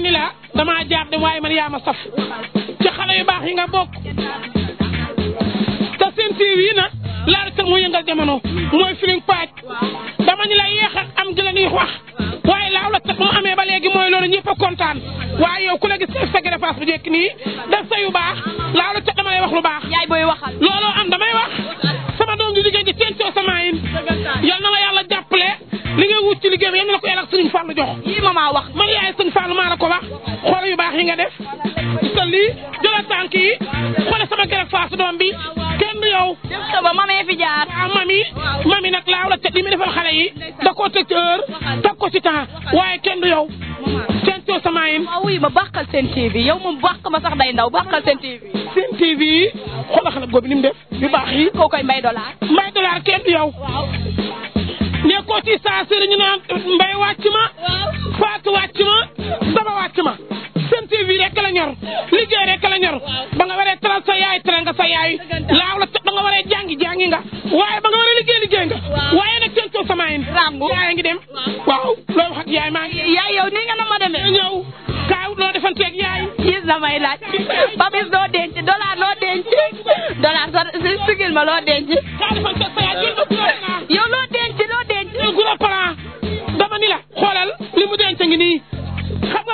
dama ni la dama jaar de waaye man yaa saf ci xale yu baax yi nga bokk te seen TV yi nag laa rek moo yëngal jamono mooy filim paaj dama ni la yéex am gi la wax waaye laaw la a kontaan waaye yow ku la gis dama lay wax lu baax. looloo am damay wax sama doom di liggéey di teen coo sama yin yal na la yàlla jàppale li ngay wut ci liggéey bi yal na la ko yàlla ak Sëriñ Fall jox. maa la ko ba xoola yu baax yi nga def te lii jëlal tànk yi xoola sama gerek faas doom bi kenn yow. ba mamee fi jaar. Ah, mami mami nag laaw la te li defal xale yi da koo teg ci heure teg ko ci temps waaye kenn yow. seen soo sama yéen. waaw wuy seen TV yow moom bàq ma day ndaw seen TV. seen TV xoola xale boobu ni def bi baax yi. koo koy mbay dollar. mbay dollar kenn yow. waaw. nekkoo ci saa sëriñ ñu naan mbay wàcc liggéey rek la ñor ba nga waree teral sa sa yaay laaw la ba nga waree jàngi nga waaye ba nga liggéey liggéey nga waaye nag seen tool sama yin yaay ngi dem waaw loo wax ak yaay maa ngi yaay ni nga na ma demee ñëw kaaw loo defanteeg yaay gis damay laaj papis loo denc dollar loo denc dollar sa ma loo denc kaa defanteeg sa yaay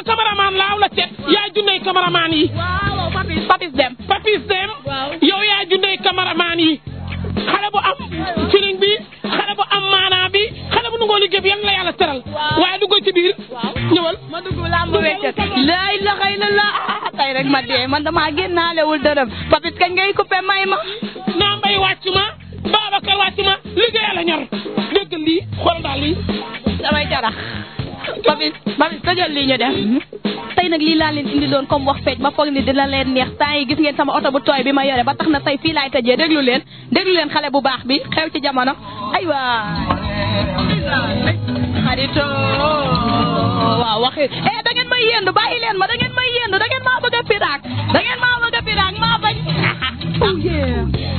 cameraman laaw la set yaay jundey cameraman yi. Papis Dem. Papis Dem. yow yaay jundey cameraman yi. xale bu am filing bi xale bu am maanaa bi xale bu nangoo liggéey bi yan la yàlla teral. waaye dugg ci biir. ñëwal ma dugg làmb weccat laa ilaha illallah ah, tey rek ma dee man damaa génnaalewul dërëm Papis kañ ngay coupé may ma. naa mbay wàcc ma Babacar wàcc ma liggéey la ñor dégg lii xool daal lii. damay jarax. Papis Papis tëjal lii ñu def tey nag lii laa leen indi doon comme wax feej ba foog ni dina leen neex temps yi gis ngeen sama oto bu tooy bi ma yore ba tax na tey fii laay tëjee déglu leen déglu leen xale bu baax bi xew ci jamono aywa xarito waaw waxi eh da ngeen may yéendu bàyyi leen ma da may yéendu da ngeen bëgg a piraak da ngeen maa bëgg a piraak maa bañ oh,